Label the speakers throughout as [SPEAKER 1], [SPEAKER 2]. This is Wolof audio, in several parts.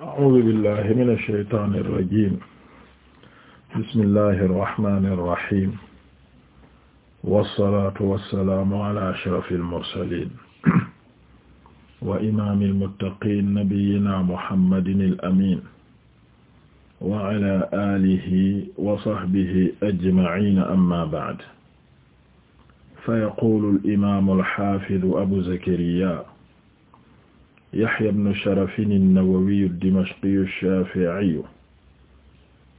[SPEAKER 1] a'uuzu billahi mina shaytaani rajiim bismillahi rahmaani rahiim wassalaatu wassalaamu alaa ashrafil mursaliin wa imaamil muttaqiin nabiyyinaa muhammadinil amiin wa alaa aalihi wa sahbihi ajma'iin ammaa ba'd fa yaquulul imaamul haafidu abu zakariyaa Yahya ibn Sharafin an-Nawawi ad-Dimashqi ash-Shafi'i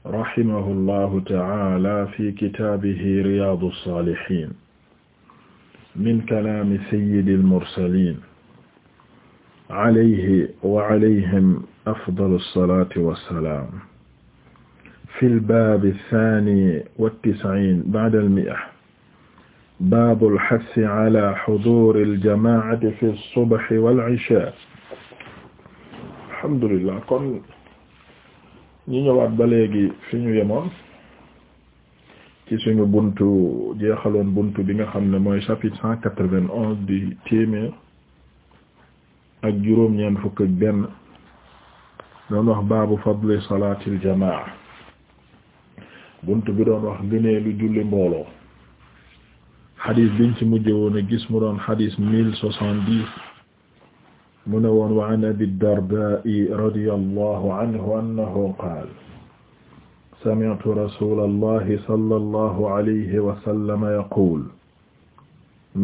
[SPEAKER 1] rahimahullahu ta'ala fi kitaabihi Riyaadu as-Saalihiin min kalaami sayyidil mursaliin alayhi wa alayhim afdalu as-salaati was-salaam fil baabi ath-thaani wat-tis'iin ba'da al-mi'a baabul xassi ala xuduuril jamaacati fi subaxi wal ichaa. alhamdulillah kon ñu ñëwaat ba léegi fi ñu yemoon ci suñu buntu jeexaloon buntu bi nga xam ne mooy chapitre cent quatre-vingt-onze di téeméer ak juróom-ñeent fukk ak benn doon wax baabu fadli salaatil jamaa buntu bi doon wax gëneelu julli mbooloo. xadis biñ ci mujj woon a gis mu doon xadis mille soixante-dix mu ne woon wa an abi dardaa'i radiyallahu anhu annahu qaala sami'tu rasuulallahi sallallahu alayhi wa sallam yaquulu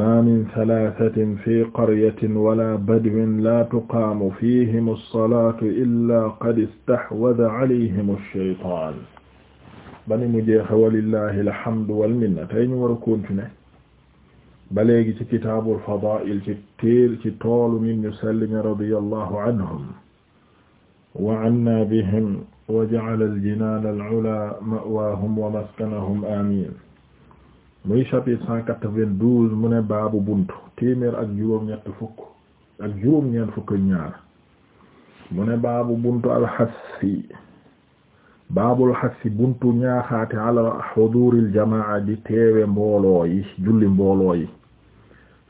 [SPEAKER 1] maa min talaatatin fii qaryatin wala badwin laa tuqaamu fiihimu salaatu illaa qad istahwada alayhimu shaytaan bani mu jeexe walillahi alhamdu wal minna tey ñu war a continuer ba léegi ci kitaabul fadaa'il ci téel toolu mi ñu sell ñi radiyallahu anhum wa anna bihim wa ja'ala al-jinaana al-'ulaa ma'waahum wa maskanahum amiin muy chapitre cent quatre-vingt-douze mu ne baabu buntu téeméer ak juróom-ñett fukk ak juróom-ñeent mu ne baabu buntu al-hassi baabul hassi buntu ñaaxaate ala xuduuril jamaa di teewe mbooloo yi julli mbooloo yi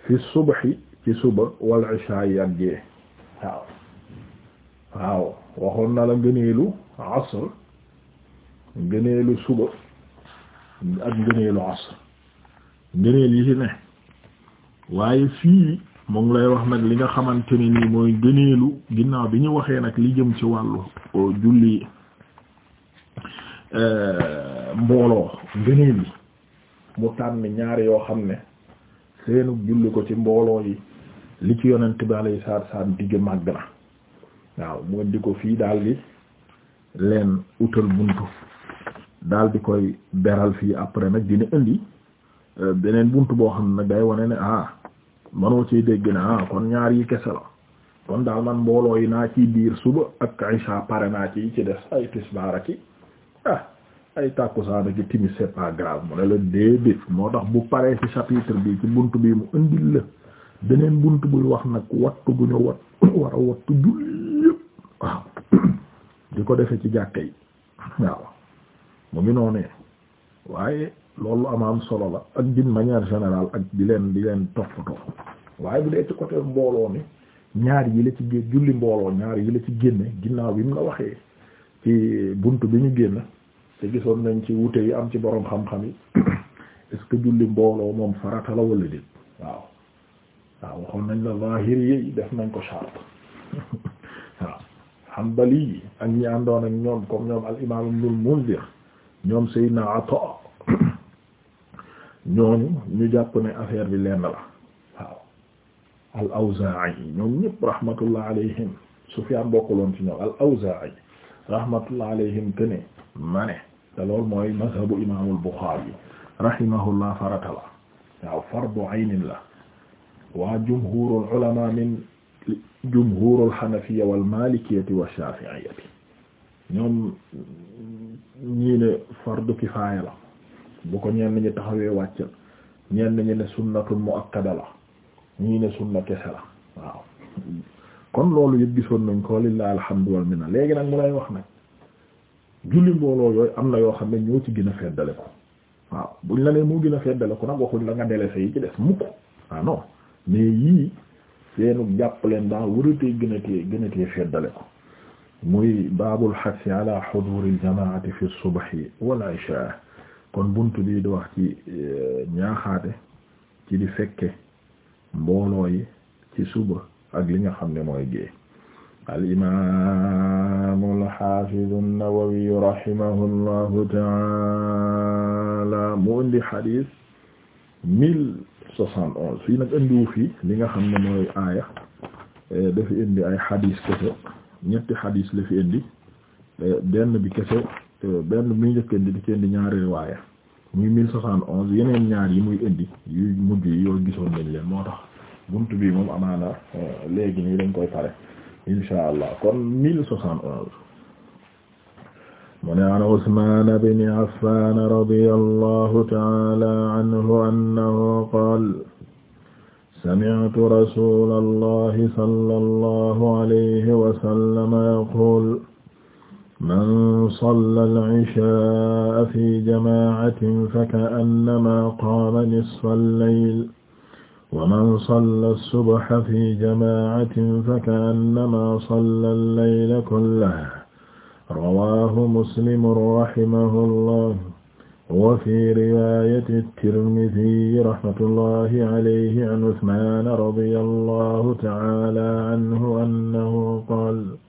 [SPEAKER 1] fi ci suba wal isha ak gée waaw waxoon na la ngëneelu asr ngëneelu suba ak ngëneelu asr ngëneel yi ci ne waaye fii mu lay wax nag li nga xamante ne nii mooy ngëneelu ginnaaw bi ñu waxee nag li jëm ci wàllu julli eh, mbooloo ngëneel yi mu tànn ñaar yoo xam ne seenu julli ko ci mbooloo yi li ci yonent bi alayhi salaatu salaam digg màgg na waaw mu indi ko fii daal di leen utal buntu daal di koy beral fii après nag dina indi euh, beneen buntu boo xam ne nag day wane ne ah manoo ci dégg ne ah kon ñaar yi kese la kon daal man mbooloo yi naa ciy biir suba ak Aïcha pare naa ci ci des ay tisbaar ak ah. ay tàkkusaan ak timis c'est pas grave mu ne la déedéet moo tax bu paree ci chapitre bi ci bunt bi mu indil la beneen bunt buy wax nag wattu bu ñu wat war a wattu julli yépp di ko defee ci jàkka yi waaw mu ngi noonee waaye loolu am am solo la ak d'une manière général ak di leen di leen toppatoo waaye bu dee ci côté mbooloo mi ñaar yi la ci génn julli mbooloo ñaar yi la ci génne ginnaaw bi mu la waxee ci bunt bi ñu génn te gisoon nañ ci wute yi am ci boroom xam-xam yi est julli mbooloo moom farata la waaw waaw waxoon nañ la zahiri yi def nañ ko shart waaw hanbali yi ak ñi àndoon ak ñoom comme ñoom al imam ibnul munzir ñoom sayyidina ata ñooñu ñu jàpp ne affaire bi lenn la waaw al awzaa'i ñoom ñëpp rahmatullah alayhim sufyan bokkuloon ci ñoom al awzaa'i rahmatullah alayhim te ne ma ne loolu mooy mazhabu imaamul Buxaari rahimahullah farata la waaw fardu aynin la waa jumhuurul ulamaa min jumhuurul xanafiyya wal maalikiyyati wa shaafi'iyyati ñoom ñii ne fardu kifaaya la bu ko ñenn ñi taxawee wàcc ñenn ñi ne sunnatun mu'akkada la ñii sunna kese la kon loolu yëpp gisoon nañ ko lillahi alhamdu wal minna léegi nag mu lay wax nag. julli mbooloo yooyu am na yoo xam ne ñoo ci gën a feddale ko waaw buñ la nee moo gën a feddale ko nag waxuñ la nga délaissé yi ci des mukk mais yii seenu jàpp leen daa wëratee gën a tee gën a tee feddale ko muy baabul xasi ala xuduril jamaati fi subhi wal kon bunt di wax ci eh, ñaaxaate ci di fekke mbooloo yi ci suba ak li nga xam ne mooy gée alimaamu alxaafidu Nawawi rahimahullahu taala mu indi xadis mille soixante onze fii nag indiwu fi li nga xam ne mooy aaya eh, dafa indi ay xadis kese ñetti xadis la fi indi eh, benn bi kese eh, benn muy njëkk indi di ci indi ñaari riwaaya muy mille soixante onze yeneen ñaar yi muy indi yu mujj yi yoo gisoon nañ leen moo tax buntu bi moom amaana léegi nii dañ koy pare insha allah kon mille soixante onze mu ne an Usmaan ibn Affaan radiyallahu ta'ala anhu annahu qaala sami'tu rasuulallahi sallallahu alayhi wa sallam yaquulu man salla al-'ishaa'a fi jamaa'atin fa ka'annamaa qaama nisfa al-layl waman salla subha fi jamaatin fakaannamaa salla al-layla kullahu rawaahu muslimun rahimahullah wa fi riwaayati at-Tirmidhi rahmatullahi alayhi an Usmaan radiyallahu ta'aala anhu annahu qaala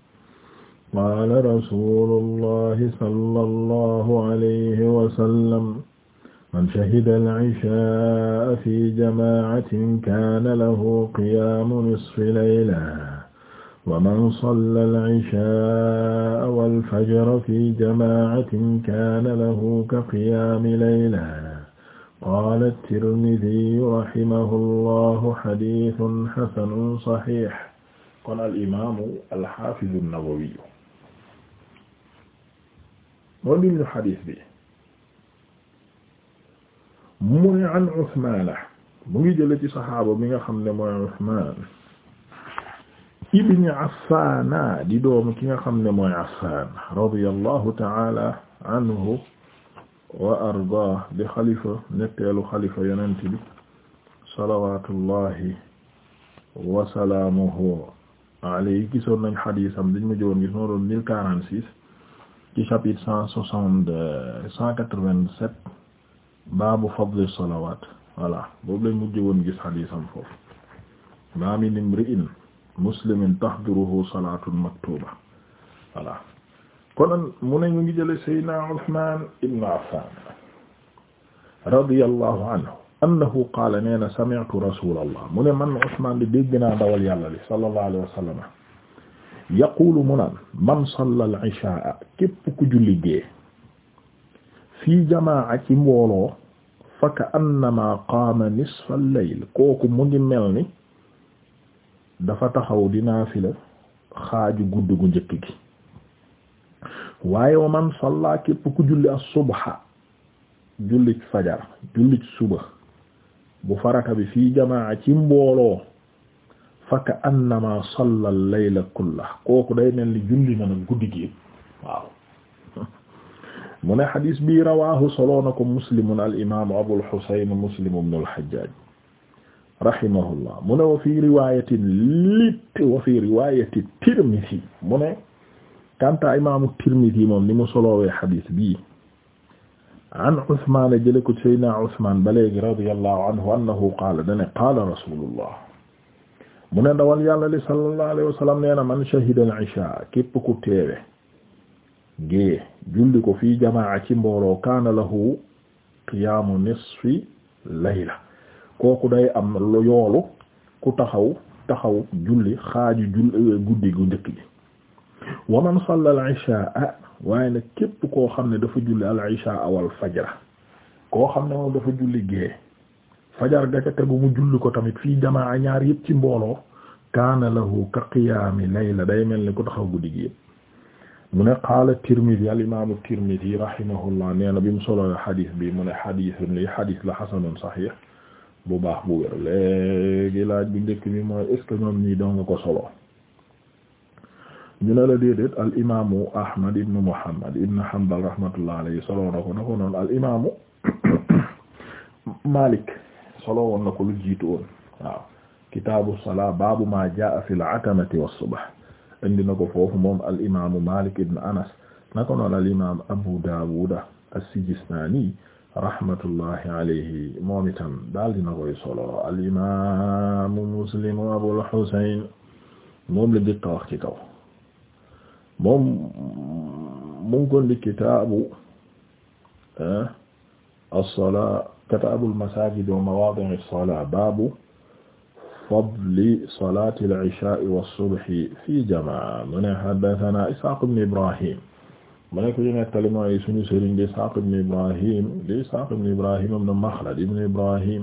[SPEAKER 1] qaala rasuulullahi sallallahu alayhi wa sallam man shahida al-ishaa fi jamaacatin kaana lahu qiyaamu nisfi layla wa man salla al-ishaa wal-fajra fi jamaacatin kaana lahu ka qiyaami layla qaala at-Tirmidhiyu rahimahu llahu hadiisun hasanun sahiih kon al-imaamu al-haafizu an-Nawawi moo dindi hadiis bi mu ne an Usmaan mu ngi jële ci saxaaba bi nga xam ne mooy Usmaan ibn Affaan di doomu ki nga xam ne mooy Affaan radiyallahu ta'ala anhu wa ardaah di xalifa ñetteelu xalifa yonent bi salawaatullahi wa salaamuhu alayhi gisoon nañ xadiisam dañ ma jowoon gis moo doon mille quarante six ci cent soixante cent quatre-vingt-sept baabu fadli salawaat voilà boobu lañ mujj woon gis xadiisam foofu maa min imri'in muslimin tahduruhu salaatun maktuba voilà kon mu ne ñu ngi jële sayyidina Usmaan ibn Affaan radiyallahu anhu annahu qaala nee na sami'tu rasuulallah mu ne man Usmaan di dégg naa dawal yàlla li sallallahu alayhi wa sallam yaqulu mu naan man salla al-ishaa képp ku julli gee fii jamaa ci mbooloo fa ka annama qaama nisfal layl kooku mu ngi mel ni dafa taxaw di naafila xaaju guddi gu njëkk gi waaye wa man salla képp ku julli as-subha jullit fajar jullit suba bu farata bi fii jamaa ci mbooloo fa ka annama salla al-layla kooku day mel ni julli na nag guddi gi waaw mu ne xadis bi rawaahu soloo na ko muslimun al imaamu abul xusayn muslim ibn al xajjaaj rahimahullah mu ne wa fi riwaayatin lit wa fi riwaayati tirmidi mu ne kanta imaamu tirmidi moom ni mu soloowee xadis bii an Usmaan jële ko Seydina Usmaan ba léegi radiyallahu anhu annahu qaala dane qaala rasulullah mu ne dawal yàlla li sallallahu alayhi wa sallam nee na man shahida al isha képp ku teewe gée julli ko fii jamaa ci mbooloo kaana lahu qiyaamu nisfi layla kooku day am yoolu ku taxaw taxaw julli xaaju jull euh, guddi gu njëkk gi man salla al waaye nag képp koo xam ne dafa julli al ishaa wal koo xam ne moom dafa julli gée fajar ga ca tegu mu julli ko tamit fii jamaa ñaar yëpp ci mbooloo kaana lahu ka qiyaami layla day mel ni ku taxaw guddi gi yëpp mu ne qaala Tirmidi al imaamu Tirmidi rahimahullah nee na bi mu solo xadis bi mu ne xadisun li xadis la xasanun saxiix bu baax bu wér léegi laaj bu njëkk bi mooy est ce que ñoom ñii doon nga ko solo ñu ne la déedéet al imaamu Ahmad ibn Muhammad ibn Hanbal rahmatullah alayhi solo na ko na ko noonu al imaamu Malik solo woon na ko lu jiitu woon waaw kitaabu salaa baabu maa jaa fil atamati was subh indi na ko foofu moom al imaamu Malik ibn Anas naka noonu al imaam Abu Dawud as-Sijistani rahmatullahi alayhi moom itam daal dina koy solo al imaamu Muslim Abul Husayn moom la jëkk a wax ci kaw moom mu ngi ko ndi kitaabu ah, as-salaa kitaabul masaajid wa mawaadi'is salaa baabu fadli salaati al-ishaa'i was-subhi fii jamaa mu ne haddathanaa Ishaaq ibn Ibrahim mu ne ko ñu nettali mooy sunu sëriñ di Ishaaq ibn Ibrahim di Ishaaq ibn Ibrahim ibn Makhlad ibn Ibrahim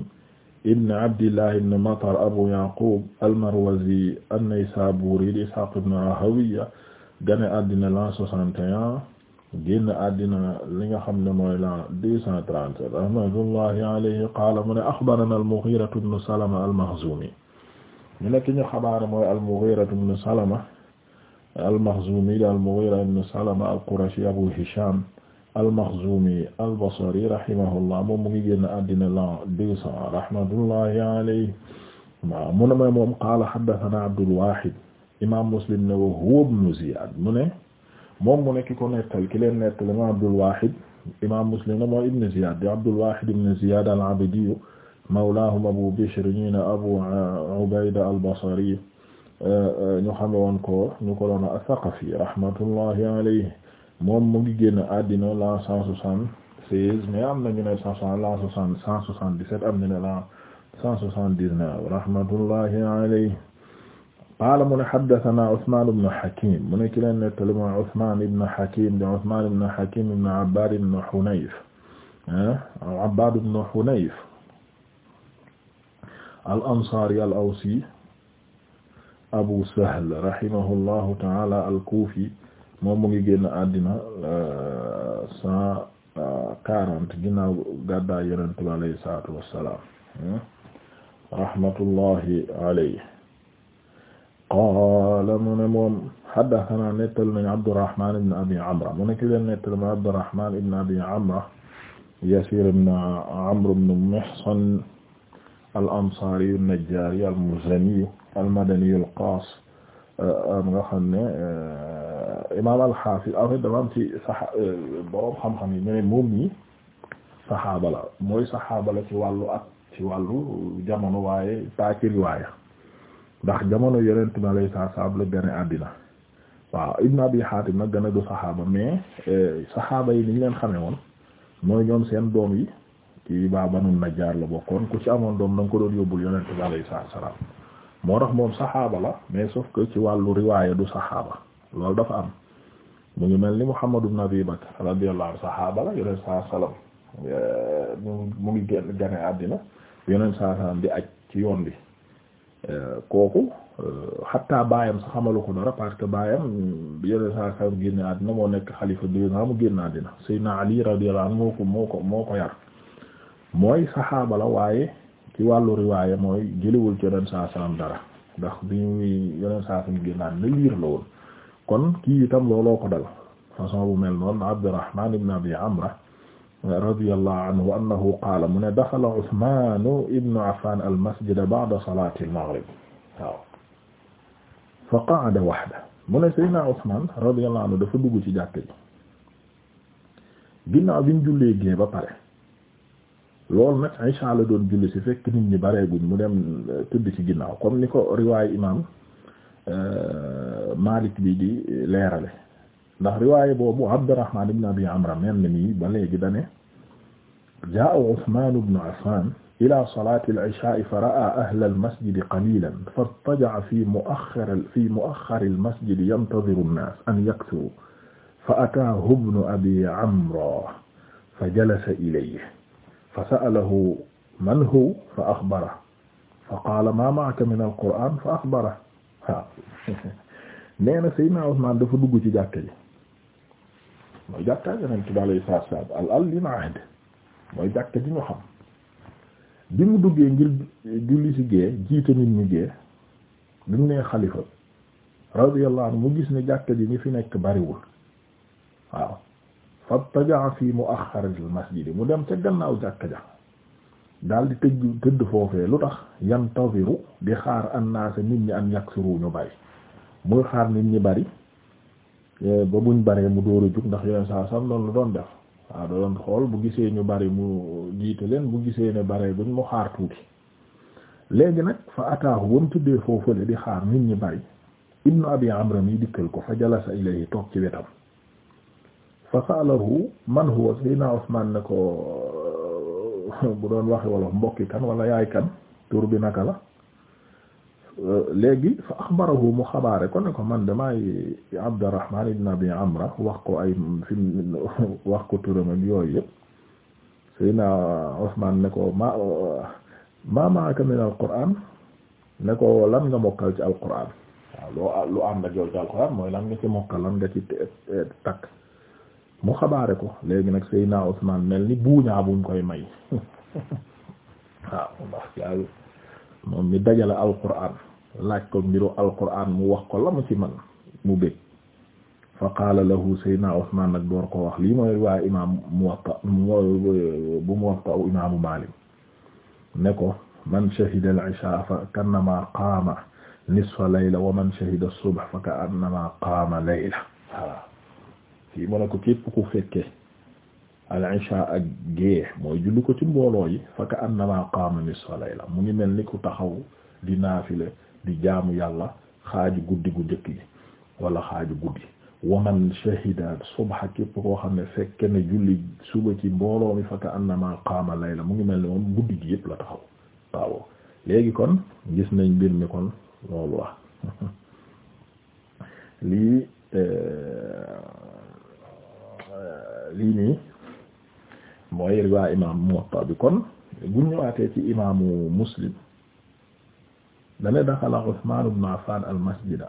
[SPEAKER 1] ibn Abdillah ibn Matar Abu Yaqub al-Marwazi an-Naysaburi di Ishaaq ibn Rahawayh gane àddina la 61 génn àddina li nga xam ne mooy la 237 rahmatullahi alayhi qaala mu ne akhbarana al-Mughira ibn Salama al-Makhzumi ñu nekk ñu xabaar mooy al-Mughira ibn Salama al-Makhzumi al-Mughira ibn Salama al-Qurashi Abu Hisham al-Makhzumi al-Basri rahimahullah moom mu ngi génn àddina l'an deux cents rahmatullahi alayhi waaw mu ne ma moom qaala haddathana Abdul Wahid imam Muslim ne wa huwa ibn Ziyad mu ne moom mu ne ki ko nettal ki leen nettal imam Abdul Wahid imam Muslim ne mooy ibn Ziyad di Abdul Wahid ibn Ziyad al-Abdi mawlaahum abu bishr ñi ne abu ubayda albasari ñu xame woon ko ñu ko doon athaqafi rahmatullahi alayhi moom mu ngi génn àddina la cent soixante-seize mais am nañu ne cent soixante-dix-sept am nañu ne la cent soixante-dix-neuf rahmatullahi alayhi qaala mu ne haddathana Usmaan ibn Hakiim mu ne ki leen nettali mooy Usmaan ibn Hakiim de Usmaan ibn Hakiim ibn Abbaad ibn Hunayf ah, Abbaad ibn Hunayf al ansaari al awsi abu sahl rahimahullahu taala al kuufi moom mu ngi génn àddina euh, cent euh, quarante ginnaaw gàddaa yonent bi alayhi salaatu wassalaam hmm? rahmatullahi alayhi qaala mu ne moom haddathana nettal nañ Abdurrahman ibn Abi Amra mu ne ki leen nettal ma Abdurrahman ibn Abi Amra Yasir ibn Amr ibn Mihsan al ansaari an-najjaari al-muzani al-madani al-qaas euh, nga xam ne euh, imaam al-haafiz en fait ci saxa euh, borom xam-xam yi ñu ne moom ñi saxaaba la mooy saxaaba la ci wàllu at ci wàllu jamono waaye taa ci riwaaya ndax jamono yonent mi alayhi salaam la benn àddina waaw Ibn Abi Haatim nag gën a du saxaaba mais saxaaba yi ni leen xamee woon mooy ñoom seen doom yi. kii baa banul najjaar bokkoon ku ci amoon doom da ko doon yóbbul yonent bi alayhi salaam moo tax moom saxaaba la mais sauf ci wàllu riwaaya du saxaaba loolu dafa am mu ngi mel ni Muhammad ibn Abi Bakr radiyallahu anhu saxaaba la yonent salaam mu ngi génn gane àddina yonent saa salaam di aj ci yoon bi kooku xatta baayam sa xamalu ko dara parce que baayam yonent saa salaam génne àddina moo nekk xalifa deux ans mu génn àddina Seydina Ali radiyallahu moo ko moo ko moo ko yar. mooy saxaaba la waaye ci wàllu riwaaya mooy jëliwul ci yoneen saa salaam dara ndax bi ñuy yoneen saa salaam génnaan na liir la woon kon kii itam looloo ko dal façon bu mel noonu Abdurrahman ibn Abi Amra radiyallahu anhu annahu qaala mu ne daxala Usmaan ibn Affaan al-masjida fa qa'ada wahda mu ne Seydina Usmaan radiyallahu dafa dugg ci jàkka ji ginnaaw bi mu jullee gee ba pare loolu nag Aïcha la doon julli si fekk nit ñi bareeguñ mu dem euh, tudd ci ginnaaw comme ni ko riwaayu imaam euh, Malik bi di leerale ndax riwaayu boobu Abdurrahman ibn Abi Amra mel na nii ba léegi da ne jaa'a Usmaan ibn Affaan ilaa salaati al-ishaa'i fa ra'aa ahla al-masjidi qaliilan fattaja'a fii mu'axxar fii mu'axxari al-masjidi yantaziru an-naas an yaksuru fa ataahu ibnu Abi Amra fa jalasa ilayhi fa sa'alahu man hu fa axbara fa qaala ma ma'aka min alquraan fa axbara waaw nee na dafa dugg ci jàkka ji mooy jàkka Yonent bi alayhi salaatu wa salaam al-ahd lil ahd mooy jàkka ji ñu xam bi mu duggee ngir julli ci gée jiite nit ñi gée bi mu xalifa radiyallahu anhu mu gis ne jàkka ji ñu fi nekk bariwul waaw fattaja fi muaxxar al masjid mu dem ca gannaaw jàkka ja dal di tëj tëdd foofee lu tax yan yantaziru di xaar annaasa nit ñi an yaksuru ñu bari muy xaar nit ñi bari eh, ba buñ baree mu dóor a jug ndax yeneen saa sam loolu lu doon def waaw doon xool bu gisee ñu bari mu jiite leen bu gisee ne baree buñ mu xaar tuuti léegi nag fa ataahu ba mu foofu foofale di xaar nit ñi bari ibnu abi amra mi dikkal ko fa jalasa ilayhi toog ci wetam fasalahu man huwa sayna Usman ne ko bu doon waxe wala mbokki kan wala yaay kan tur bi naka la léegi fa axbarahu mu xabaare ko ne ko man damay Abdurrahman ibn Abi Amra wax ko ay fi wax ko turam ak yooyu yëpp sayna Usman ne ko ma ma ma'aka min al-Qur'an ne ko lan nga mokkal ci al-Qur'an waaw loo lu ànd ak yow ci al-Qur'an mooy lan nga ci mokkal lan nga ci takk mu xabaare ko léegi nag Seydina Usmaan mel ni buuñaa buñ koy may waaw ndax yaayu moom mi dajale alquran laaj ko mbiru alquran mu wax ko la mu ci man mu bég fa qaala lahu Seydina Usmaan nag door ko man shahida al-ishaa fa kannama qaama nisfa layla wa man shahida as-subh fa kannama qaama layla kii mu ne ko képp ku fekke al ak gée mooy julli ko ci mbooloo yi faka annama qaama nisfa layla mu ngi mel ni ku taxaw di naafile di jaamu yàlla xaaju guddi gu njëkk gi wala xaaju guddi waman shahida képp koo xam ne fekke ne julli suba ci mbooloo mi fa faka annama qaama layla mu ngi mel ni moom guddi gi yëpp la taxaw waaw léegi kon gis nañ mbir mi kon loolu la lii euh, lii nii mooy riwaa imam Muwatta bi kon bu ñëwaatee ci imaamu Muslim dane daxala Usmaan ibn Affaan al masjida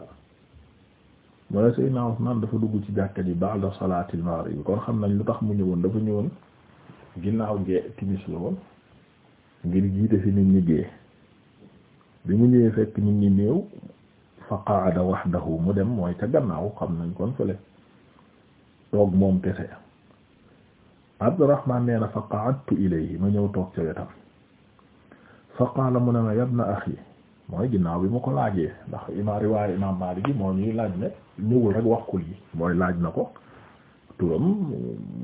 [SPEAKER 1] mu ne Seydina Usmaan dafa dugg ci jàkka ji ba'da salaatil maghrib kon xam nañ lu tax mu ñëwoon dafa ñëwoon ginnaaw gee timis la woon ngir jiite fi nit ñi gée bi mu ñëwee fekk nit ñi néew fa qaada wahdahu mu dem mooy ca gannaaw xam nañ kon fële toog moom kese Abdurrahman nee na fa qa'adtu ilayhi ma ñëw toog ca wetam fa qaala mu ne ma yabna axi mooy ginnaaw bi ma ko laajee ndax imaam riwaaya imaam Maalik moo ñuy laaj ne ñëwul rek wax ko lii mooy laaj na ko turam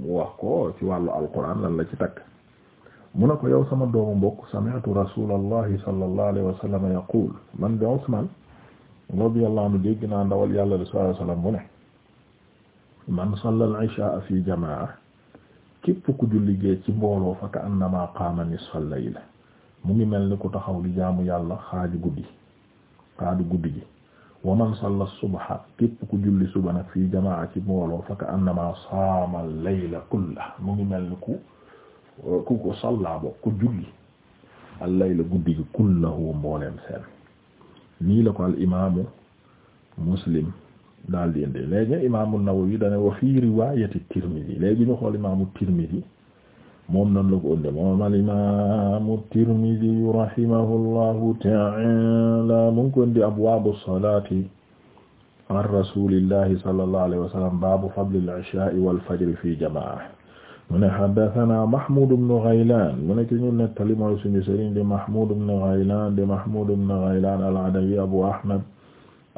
[SPEAKER 1] mu wax ko ci wàllu alquran lan la ci takk mu ne ko yow sama doomu mbokk sami'tu rasulallahi sallallahu alayhi wa sallam yaqul man bi Usman radiyallahu anhu dégg naa ndawal yàlla sallallahu alayhi wa sallam mu ne man salla al-isha fi jamaa képp ku julli gee ci mbooloo fa ka annama qaama nisfal layl mu ngi mel ni ku taxaw li jaamu yàlla xaaju guddi xaaju guddi gi wa man salla subha képp ku julli suba nag fii jamaa ci mbooloo fa ka annama saama layla kulla mu ngi mel ni ku ku ko salla bo ku julli al layla guddi gi kullahu mbooleem seen nii la ko al imaamu muslim daal di indi léegi imaamu Nawawi dana wa fi riwaayati Tirmidhi léegi ñu xool imaamu Tirmidhi moom nan la ko ënde moom al imaamu Tirmidhi rahimahullahu ta'ala mu ngi ko indi abwaabu salaati an rasuulillahi sallallahu alayhi wa sallam baabu fadli al-ishaa'i wal fajri fi jamaa'a mu ne haddathanaa Mahmoud ibn Ghaylaan mu ne ki ñu nettali mooy suñu sëriñ di Mahmoud ibn Ghaylaan di Mahmoud ibn Ghaylaan al-Adawi Abu Ahmad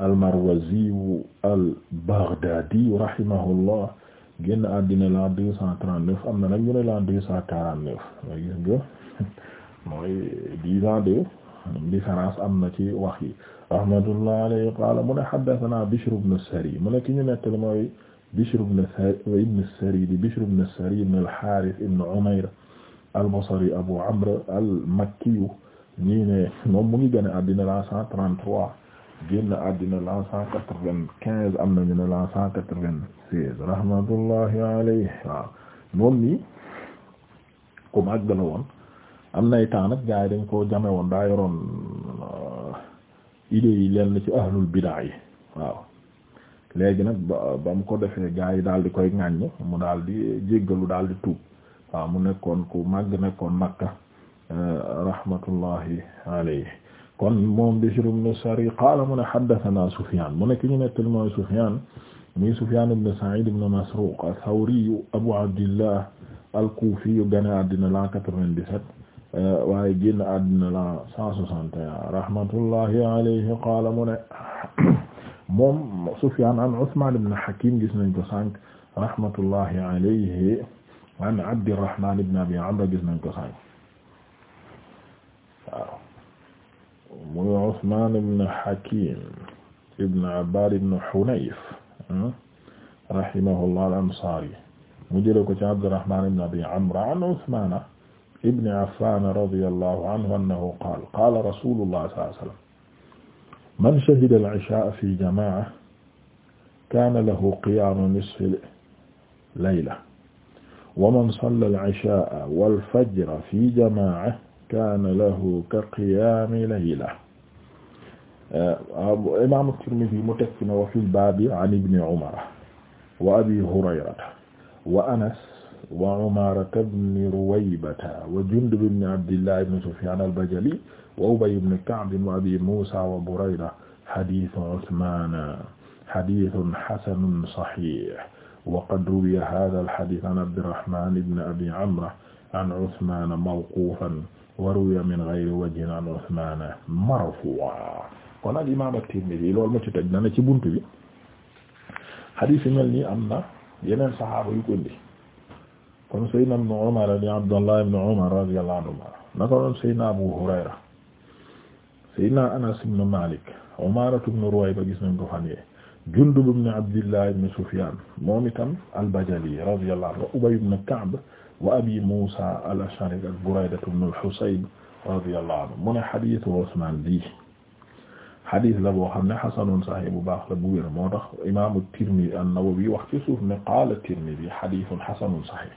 [SPEAKER 1] al-Marwaziyu al-Baghdadiyu rahimahullah génn àddina la 239 am na nag ñu ne la 249 mooy gis nga mooy 10 ans de différence am na ci wax yi rahmatullah alayhi qaala mu ne haddathana Bishr ibn Sari mu ne ki ñu nettali mooy Bishr ibn Sari di Bishr ibn Sari ibn al-Harith ibn Umayr al-Basri Abu Amr al-Makkiyu ñii ne moom mu ngi génn àddina la 133 génn àddina l'an cent quatre-vingt-quinze am nañu ne l'an cent quatre-vingt-seize rahmatullahi alayhi waaw moom nii ku màgg la woon am nay temps nag gaa yi dañ koo jame woon daa yoroon euh, idées yi leen ci ahlul bidaa yi waaw léegi nag ba ba mu ko defee gaa yi daal di koy ŋàññ mu daal di jéggalu daal di tuub waaw mu nekkoon ku màgg nekkoon Makka euh, rahmatullahi alayhi kon moom Bishr ibn Sari qaala mu ne haddathana Sufyan mu ne ki ñu nettali mooy Sufyan muy Sufyan ibn Sa'id ibn Masruq ath-Thawri Abu Abdillah al-Kufi gane àddina la 97 euh, waaye génn àddina la 161 rahmatullahi alayhi qaala mu ne moom Sufyan an Uthman ibn Hakim gis nañ ko sànq rahmatullahi alayhi an Abdirrahman ibn Abi Amr gis nañ ko sànq waaw muy Usmaan ibn Hakiim ibn Abbaad ibn Hunayf hmm, rahimahullah al-Ansaari mu jële ko ci Abdurrahmaan ibn Abi Amr an Usmaan ibn Affaan radiyallahu anhu annahu qaala qaala rasuulullah sallallahu alayhi wa sallam man shahida al-ishaa'a fi jamaa'a kaana lahu qiyaamu nisfi layla wa man salla al-ishaa'a wal fajra fi jamaa'a kaana lahu ka qiyaami layla imam Tirmidhi mu teg ci ne wa fil baabi an ibni Umar wa abi Hurayrata wa Anas wa Umaarata ibni Ruwaybata wa Jundub ibni Abdillah ibni Sufyaan al-Bajali wa Ubay ibni Ka'b wa abi Muusa wa Burayda hadiisu Usmaan hadiisun hasanun sahiih wa qad ruwiya haazal hadiis an Abdirrahmaan ibni Abi Amra an Usmaan mawquufan wa ruwiya min ghayri wajhin an Usmaan marfuu'an kon al at-Tirmidhi loolu ma ci toj na ci bunt bi xadiis yi mel nii am na yeneen saxaaba yu ko kon Seydina ibn Umar di Abdullah ibn Umar radiyallahu anhuma Abu Hurayra Seydina Anas ibn Malik Umaara ibn Ruwayba gis nañ ko fan yee Jundub ibn Abdillah ibn Sufyaan moom al-Bajali radiyallahu anhu Ubay ibn wa abi Musa al-Ash'ari ak Burayda ibn al-Husayb radiyallahu anhu mu ne xadiisu Usmaan bi xadiis la boo xam ne xasanun saxiix bu baax la bu wér moo tax imaamu Tirmidi an-Nawawi wax ci suuf ne qaala Tirmidi xadiisun xasanun saxiix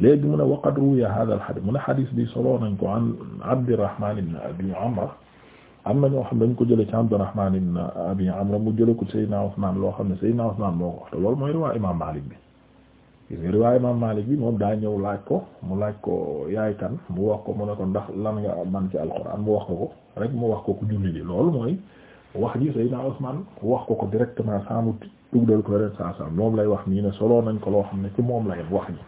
[SPEAKER 1] léegi mu ne wa qad ruwiya haadal xadiis mu ne xadiis bi solo nañ ko an Abdirrahmaan ibn Abi Amr am na ñoo xam dañ ko jëlee ci Abdirrahmaan ibn Abi Amr mu jëlee ko Seydina Usmaan loo xam ne Seydina Usmaan moo ko wax te loolu mooy riwaa imaam Maalik bi. gis nga riwaay imam Malik bi moom daa ñëw laaj ko mu laaj ko yaay kan mu wax ko mu ne ko ndax lan nga man ci al alxuraan mu wax ko ko rek mu wax ko ko julli li loolu mooy wax ji Seydina Usman wax ko ko directement saa mu tuddal ko ren saa moom lay wax nii ne soloo nañ ko loo xam ne ci moom la wax ji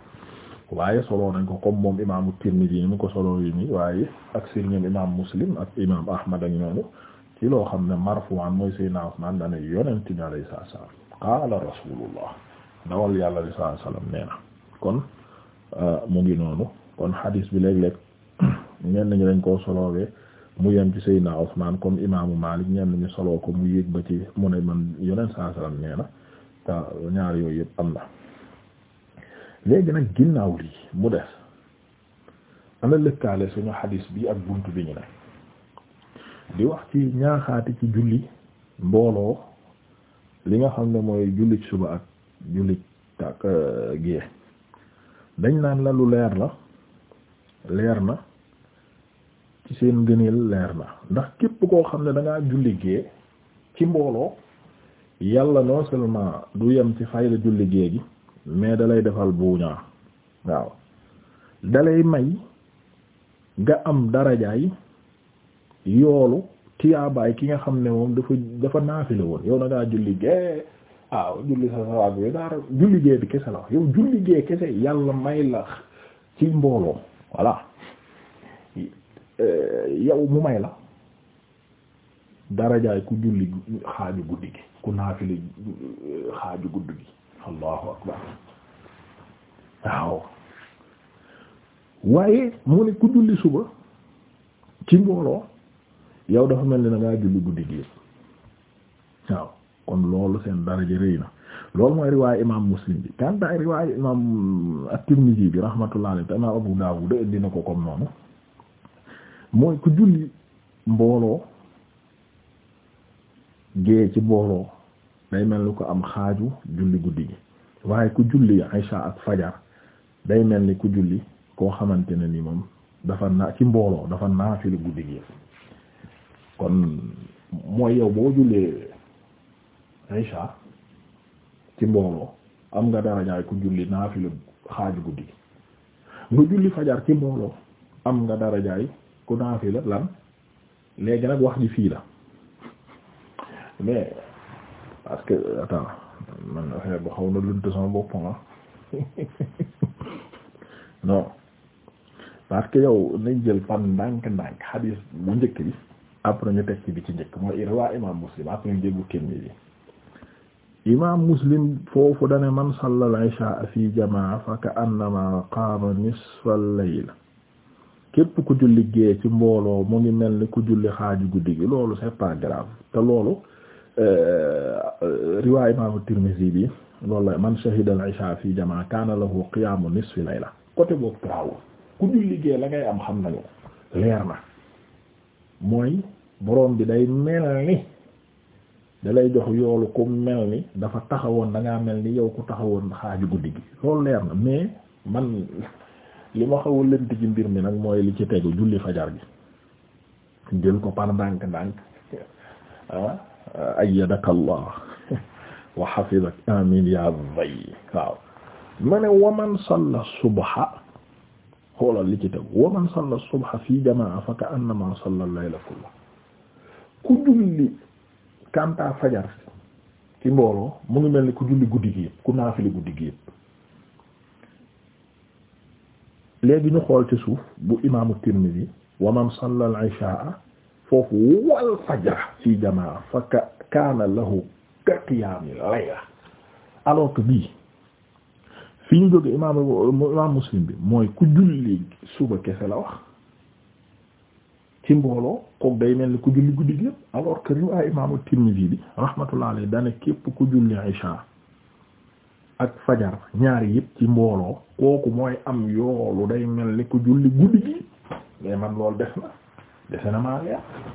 [SPEAKER 1] waaye soloo nañ ko comme moom imaamu Tirmidhi ni mu ko soloo yi nii waaye ak sëriñam imam Muslim ak imam Ahmad ak ñooñu ci loo xam ne marfuwaan mooy Seydina Usman dana yonent bi alayhi salaam qaala rasulullah ndawal yàlla li sallallahu alayhi wasallam na kon euh, mu ngi noonu kon hadis bi léeg-léeg ñenn ñi dañ koo solowee mu yem ci Seydina Usmaan comme imaamu Maalik ñenn ñi soloo ko mu yéeg ba ci mu ne man yoneen sallallahu alayhi wasallam nee ñaar yooyu yëpp am na léegi nag ginnaaw lii mu des ana lëkkaale suñu hadis bi ak bunt bi ñu ne di wax ci ñaaxaati ci julli mbooloo li nga xam ne mooy julli suba ak jullit tak euh, gée dañ naan la lu leer la leer na ci seen gëneel leer na ndax képp koo xam ne da ngaa julli ci mbooloo yàlla non seulement du yem ci fay la julli gée gi mais dalay defal buuñaa waaw dalay may nga am darajaay yoolu tiyaabaay ki nga xam ne moom dafa dafa naafile woon yow na ngaa julli gée waaw julli sa sawaab yooyu julli gee kese la yow julli gee kese yàlla may la ci mbooloo voilà yow mu may la darajaay ku julli xaaju guddi gi ku naafili xaaju guddi gi allahu akbar waaw waaye mu ne ku julli suba ci mbooloo yow dafa mel ni dangaa julli guddi gi kon loolu seen daraja rëy na loolu mooy riwaayu imaam muslim bi kantaay riwaayu imaam at-Tirmidhi bi rahmatullah alayhi imaam Abu Dawud dina ko comme noonu mooy ku julli mbooloo gée ci mbooloo day mel ni ko am xaaju julli guddi gi waaye ku julli Aisha ak fajar day mel ni ku julli koo xamante ne nii moom dafa naa ci mbooloo dafa naafilu guddi gi kon mooy yow boo jullee Aïcha ci mbooloo am nga darajaay ku julli naafila xaaju guddi nga julli fajar ci mbooloo am nga darajaay ku naafila lan léegi nag wax ji fii la mais parce que attends man affaire bu xaw na lunt sama bopp ma ah. non parce que yow nañ jël pan ndànk-ndànk xadiis bu njëkk bi après ñu teg ci bi ci njëkk mooy riwaa imam Muslim après ñu jël bu kenn bi imaam muslim foofu dane man salla al-isha fi jamaa fa ka annama qaama nisfal layl képp ku julli gée ci mbooloo mu ngi mel ni ku julli xaaju guddi gi loolu c'est pas grave te loolu euh, riwaay imaamu Tirmizi bi lool la man shahida al-isha fi jamaa kaana lahu qiyaamu nisfi layla côté boobu grawul ku julli gée la ngay am xam nañu leer na mooy borom bi day mel ni da jox yoolu ku mel ni dafa taxawoon da mel ni yow ku taxawoon xaaju guddi gi loolu leer na mais man li ma xaw a lënt ci mbir mi nag mooy li ci tegu julli fajar gi jël ko par dànk ndànk ah ayyadaka Allah wa hafizak amin ya waaw ma ne waman salla subha xoolal li ci tegu waman salla subha fii jamaa fa ka annama salla layla ku julli kanta fajar ci mbooloo mu ngi mel ni ku julli guddi gi yëpp ku naafili guddi gi léegi ñu xool ci suuf bu imaamu Tirmidhi wa man salla al-ishaa foofu wal fajra fi jamaa fa ka kaana lahu ka qiyaami layla alors que bii fi ñu jóge imaam imaam Muslim bi mooy ku julli suba kese la wax ci mbooloo kook day mel ni ku julli guddi gi alors que riwaay imaamu Tirmidhi bi rahmatullah alayhi dane képp ku julli isha ak fajar ñaari yëpp ci mbooloo kooku mooy am yoolu day mel ni ku julli guddi gi mais man loolu def na dese na maa leer